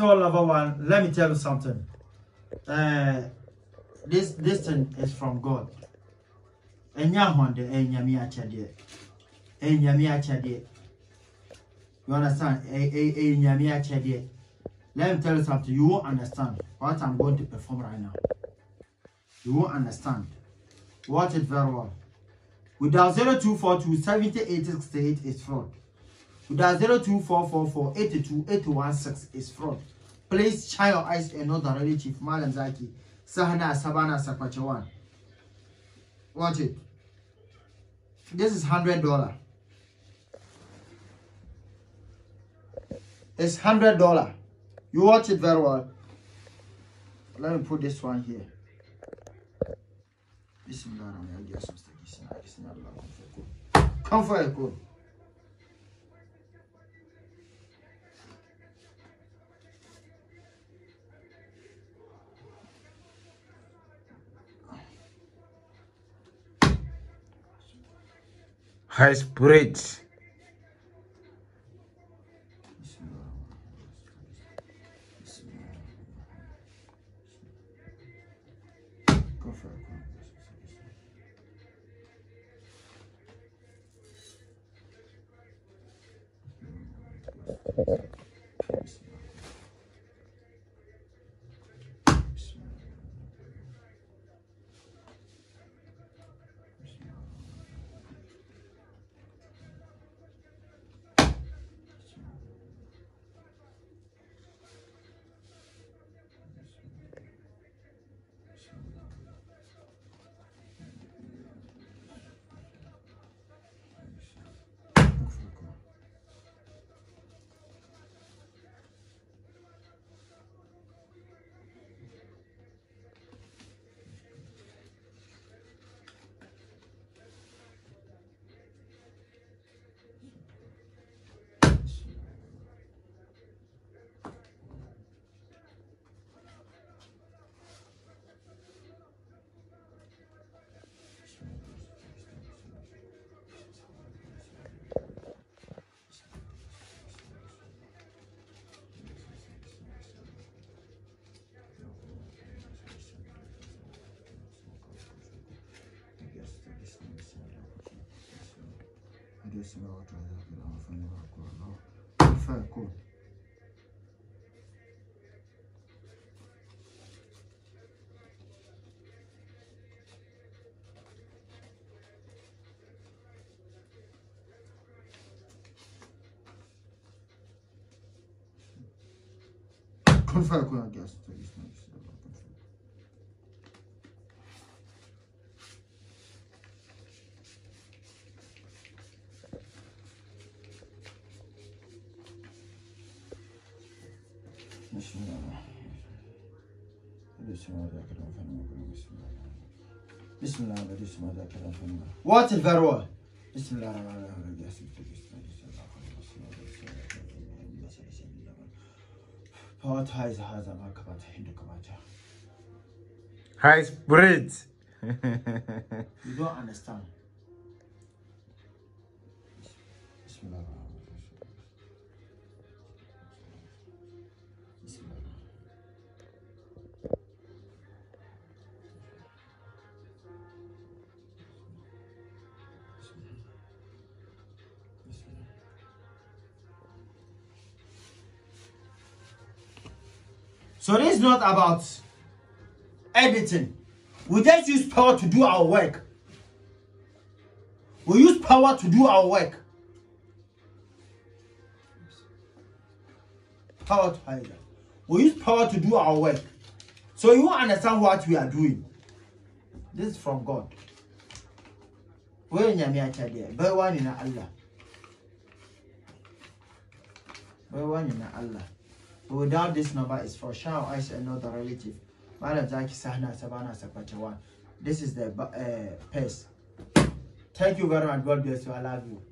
all lover one, let me tell you something. Uh, this this thing is from God. You understand? Let me tell you something. You won't understand what I'm going to perform right now. You won't understand. Watch it very well. Without 0242 70 is fraud that 02444 is fraud. Please shine your eyes to another relative, Malam Zaki, Sahana Sabana Sakwachawan. Watch it. This is $100. It's $100. You watch it very well. Let me put this one here. Come for a good. high spirits. Thank でしまうとあれだけどそれはこのさあこう。Konfal koyan gelsin tabii ki. بسم الله الرحمن الرحيم بسم الله بديس ما ذاك الأفهم وات الفروة بسم الله الرحمن الرحيم ياسين تجس بديس فوات هايز هذا ما كبات حين كبات هايز بريد You don't understand. بسم الله الرحمن So this is not about editing. We just use power to do our work. We use power to do our work. Power to hide. We use power to do our work. So you understand what we are doing. This is from God. Where in By one in Allah. By one in Allah without this number is for Shah I Aisha another relative. Madam This is the uh, pace. Thank you very much. God bless you. I love you.